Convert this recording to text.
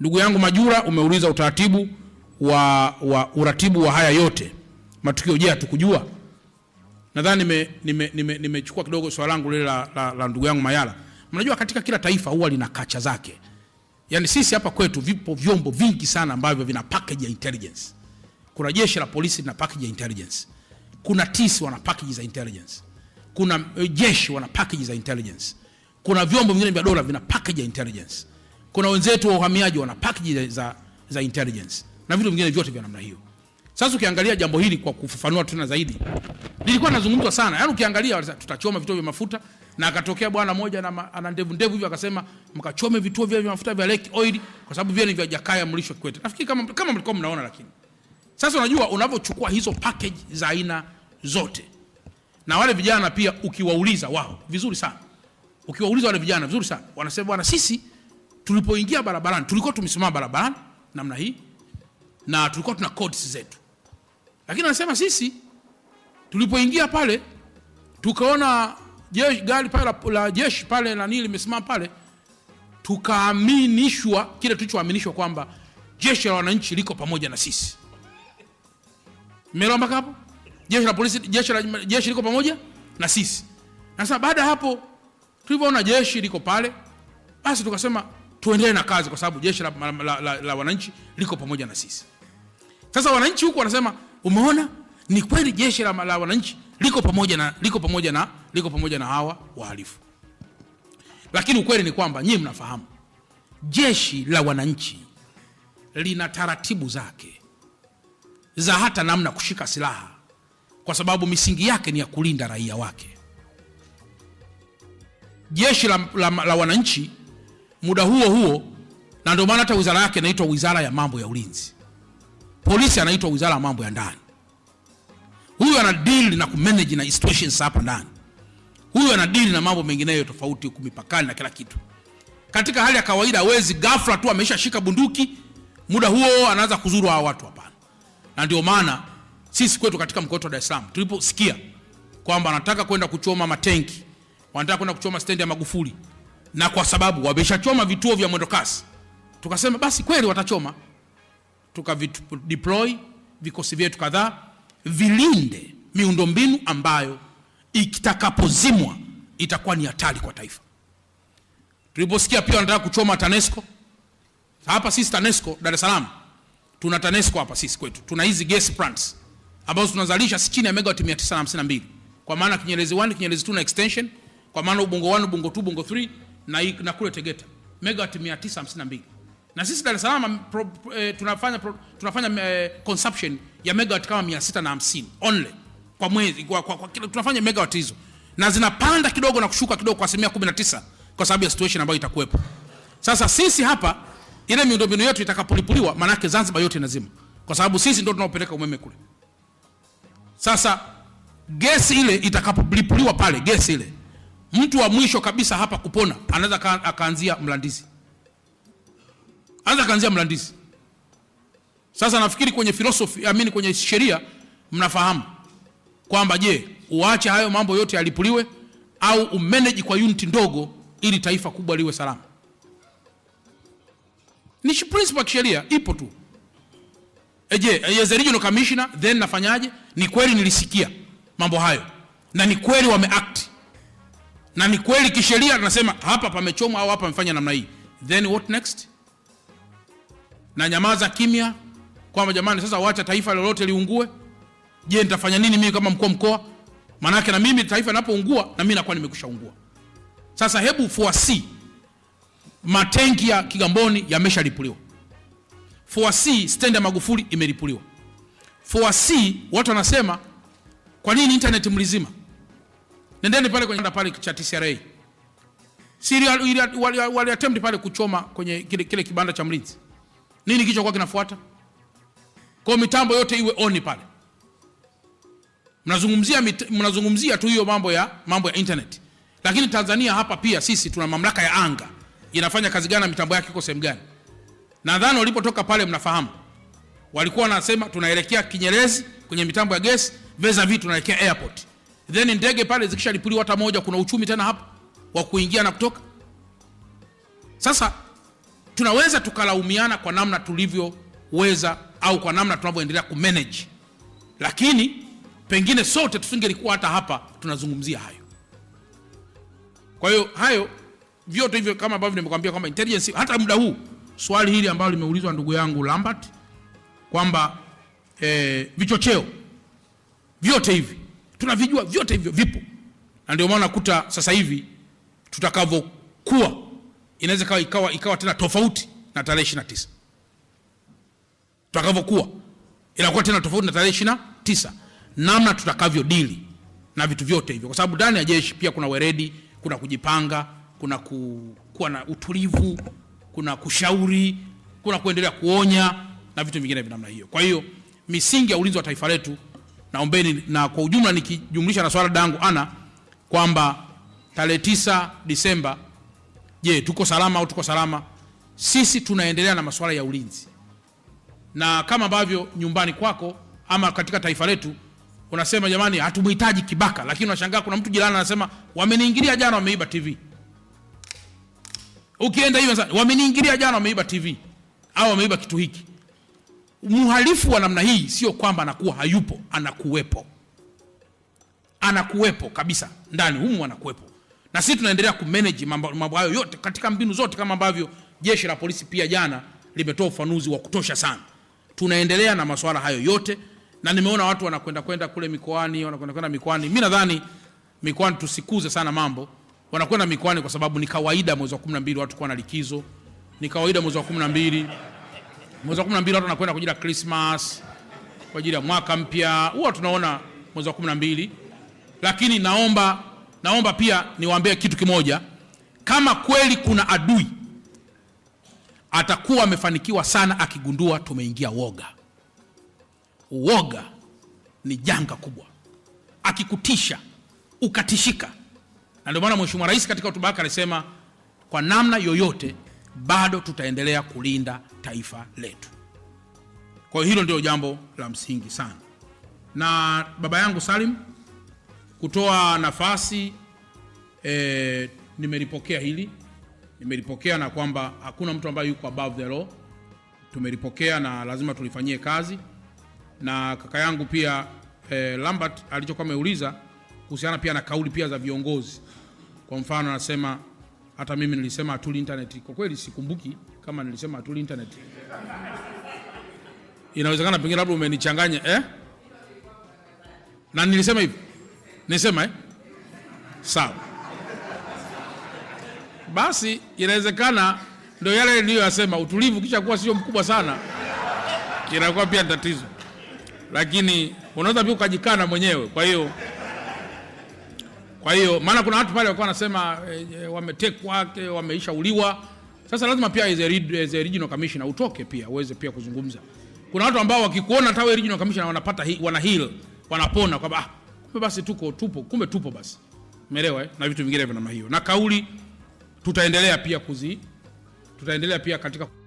Ndugu yangu Majura, umeuliza utaratibu wa, wa uratibu wa haya yote matukio. Je, hatukujua? Nadhani nimechukua nime, nime, nime kidogo swala langu lile la, la, la ndugu yangu Mayala. Mnajua katika kila taifa huwa lina kacha zake, yaani sisi hapa kwetu vipo vyombo vingi sana ambavyo vina package ya intelligence. Kuna jeshi la polisi lina package ya intelligence, kuna tisi wana package za intelligence, kuna eh, jeshi wana package za intelligence, kuna vyombo vingine vya dola vina package ya intelligence kuna wenzetu wa uhamiaji wana package za, za intelligence na vitu vingine vyote vya namna hiyo. Sasa ukiangalia jambo hili kwa kufafanua tena zaidi, nilikuwa nazungumzwa sana, yaani ukiangalia tutachoma vituo vya mafuta, na akatokea bwana mmoja na ana ndevu ndevu hivyo akasema mkachome vituo vya mafuta vya Lake Oil kwa sababu vile ni vya Jakaya Mrisho Kikwete. Nafikiri kama kama mlikuwa mnaona, lakini sasa unajua unavyochukua hizo package za aina zote na wale vijana pia ukiwauliza wao vizuri sana, ukiwauliza wale vijana vizuri sana wanasema bwana, sisi Tulipoingia barabarani, tulikuwa tumesimama barabarani namna hii na tulikuwa tuna codes zetu, lakini anasema sisi tulipoingia pale tukaona jeshi, gari pale la jeshi pale na nini limesimama pale, tukaaminishwa kile tulichoaminishwa kwamba jeshi la wananchi liko pamoja na sisi. Mmeelewa hapo? Jeshi la polisi, jeshi la jeshi liko pamoja na sisi. sasa baada ya hapo tulivyoona jeshi liko pale, basi tukasema tuendelee na kazi, kwa sababu jeshi la, la, la, la, la wananchi liko pamoja na sisi. Sasa wananchi huku wanasema, umeona ni kweli jeshi la, la wananchi liko pamoja na, liko pamoja na, liko pamoja na hawa wahalifu, lakini ukweli ni kwamba nyinyi mnafahamu jeshi la wananchi lina taratibu zake za hata namna kushika silaha, kwa sababu misingi yake ni ya kulinda raia wake. Jeshi la, la, la wananchi muda huo huo, na ndio maana hata wizara yake inaitwa wizara ya mambo ya ulinzi, polisi anaitwa wizara ya mambo ya ndani. Huyu ana deal na kumanage na situations hapa ndani, huyu ana deal na mambo mengineyo tofauti huku mipakani na kila kitu. Katika hali ya kawaida hawezi ghafla tu ameshashika bunduki muda huo anaanza kuzuru hawa watu, hapana. Na ndio maana sisi kwetu katika mkoa wa Dar es Salaam tuliposikia kwamba anataka kwenda kuchoma matenki, wanataka kwenda kuchoma stendi ya Magufuli na kwa sababu wameshachoma vituo vya mwendokasi, tukasema basi kweli watachoma, tukavideploy vikosi vyetu kadhaa vilinde miundombinu ambayo ikitakapozimwa itakuwa ni hatari kwa taifa. Tuliposikia pia wanataka kuchoma TANESCO hapa, sisi TANESCO Dar es Salaam tuna TANESCO hapa sisi kwetu, tuna hizi gas plants ambazo tunazalisha si chini ya megawati 952 kwa maana Kinyerezi 1, Kinyerezi 2 na extension, kwa maana Ubungo 1, Ubungo 2, Ubungo 3 na, na kule Tegeta megawati 952 na sisi Dar es pro, e, tunafanya, pro, tunafanya e, consumption ya megawati kama 650 only kwa mwezi kwa, kwa, kwa, kwa, tunafanya megawati hizo na zinapanda kidogo na kushuka kidogo kwa asilimia 19 kwa sababu ya situation ambayo itakuwepo. Sasa sisi hapa, ile miundombinu yetu itakapolipuliwa, maanake Zanzibar yote inazima, kwa sababu sisi ndo tunaopeleka umeme kule. Sasa gesi ile itakapolipuliwa pale, gesi ile mtu wa mwisho kabisa hapa kupona anaweza akaanzia Mlandizi, anaweza akaanzia Mlandizi. Sasa nafikiri kwenye philosophy, amini kwenye sheria mnafahamu kwamba je, uache hayo mambo yote yalipuliwe au umeneji kwa unit ndogo ili taifa kubwa liwe salama? Ni principle kisheria ipo tu. Eje, eh, eh, as a regional commissioner then nafanyaje? Ni kweli nilisikia mambo hayo na ni kweli wameact na ni kweli kisheria tunasema hapa pamechomwa au hapa amefanya namna hii, then what next? Na nyamaza kimya kwamba jamani, sasa wacha taifa lolote liungue. Je, nitafanya nini mimi kama mkuu mkoa? Maanake na mimi taifa linapoungua na mimi nakuwa nimekushaungua. Sasa hebu fuasi matenki ya Kigamboni yameshalipuliwa. fuasi stendi ya Magufuli imelipuliwa. fuasi watu wanasema kwa nini internet mlizima? Nendeni pale kwenye pale cha TCRA. Siri wali attempt pale kuchoma kwenye kile, kile kibanda cha mlinzi. Nini kicho kwa kinafuata? Kwa mitambo yote iwe on pale. Mnazungumzia mnazungumzia tu hiyo mambo ya mambo ya internet. Lakini Tanzania hapa pia sisi tuna mamlaka ya anga. Inafanya kazi gani na mitambo yake iko sehemu gani? Nadhani walipotoka pale mnafahamu. Walikuwa wanasema tunaelekea Kinyerezi kwenye mitambo ya gesi, Veza vitu tunaelekea airport then ndege pale zikishalipuliwa hata moja, kuna uchumi tena hapo wa kuingia na kutoka. Sasa tunaweza tukalaumiana kwa namna tulivyoweza au kwa namna tunavyoendelea kumanage, lakini pengine sote tusingelikuwa hata hapa tunazungumzia hayo. Kwa hiyo hayo vyote hivyo kama ambavyo nimekwambia kwamba intelligence, hata muda huu swali hili ambalo limeulizwa ndugu yangu Lambert kwamba eh, vichocheo vyote hivi tunavijua vyote hivyo vipo, na ndio maana kuta sasa hivi tutakavyokuwa inaweza ikawa ikawa ikawa tena tofauti na tarehe 29 tutakavyokuwa inakuwa tena tofauti na tarehe 29, namna tutakavyo dili na vitu vyote hivyo, kwa sababu ndani ya jeshi pia kuna weredi, kuna kujipanga, kuna ku, kuwa na utulivu, kuna kushauri, kuna kuendelea kuonya na vitu vingine vya namna hiyo. Kwa hiyo misingi ya ulinzi wa taifa letu naombeni na kwa ujumla, nikijumlisha na swala dangu ana kwamba tarehe tisa Disemba, je, tuko salama au tuko salama? Sisi tunaendelea na masuala ya ulinzi, na kama ambavyo nyumbani kwako ama katika taifa letu unasema jamani, hatumhitaji kibaka, lakini unashangaa kuna mtu jirani anasema wameniingilia jana, wameiba TV. Ukienda hivyo, wameniingilia jana, wameiba TV au wameiba kitu hiki Muhalifu wa namna hii sio kwamba anakuwa hayupo, anakuwepo, anakuwepo kabisa ndani humu, anakuwepo na sisi tunaendelea kumanage mambo hayo yote katika mbinu zote, kama ambavyo jeshi la polisi pia jana limetoa ufanuzi wa kutosha sana. Tunaendelea na masuala hayo yote, na nimeona watu wanakwenda kwenda kule mikoani, wanakwenda kwenda mikoani. Mimi nadhani mikoani tusikuze sana mambo, wanakwenda mikoani kwa sababu ni kawaida mwezi wa 12 watu kuwa na likizo, ni kawaida mwezi wa 12 Mwezi wa 12 watu wanakwenda kwa ajili ya Christmas, kwa ajili ya mwaka mpya, huwa tunaona mwezi wa 12. Lakini naomba, naomba pia niwaambie kitu kimoja, kama kweli kuna adui atakuwa amefanikiwa sana akigundua tumeingia woga. Woga ni janga kubwa, akikutisha ukatishika, na ndio maana Mheshimiwa Rais katika hotuba yake alisema kwa namna yoyote bado tutaendelea kulinda taifa letu. Kwa hiyo hilo ndio jambo la msingi sana, na baba yangu Salim kutoa nafasi e, nimelipokea hili, nimelipokea na kwamba hakuna mtu ambaye yuko above the law. Tumelipokea na lazima tulifanyie kazi, na kaka yangu pia e, Lambert alichokuwa ameuliza kuhusiana pia na kauli pia za viongozi, kwa mfano anasema hata mimi nilisema atuli internet. Kwa kweli sikumbuki kama nilisema atuli internet. Inawezekana pengine labda umenichanganya eh? Na nilisema hivi. Nilisema eh? Sawa. Basi inawezekana ndio yale yasema Utulivu kisha kuwa sio mkubwa sana, inakuwa pia tatizo, lakini unaweza pia ukajikana mwenyewe. Kwa hiyo kwa hiyo maana kuna watu pale walikuwa wanasema e, wametekwa, eh, uliwa. Sasa lazima pia as a regional commissioner utoke pia uweze pia kuzungumza. Kuna watu ambao wakikuona hata regional commissioner wanapata hi, wana heal, wanapona kwamba ah, kumbe basi tuko tupo, kumbe tupo basi. Umeelewa eh? Na vitu vingine vya namna hiyo. Na kauli tutaendelea pia kuzi tutaendelea pia katika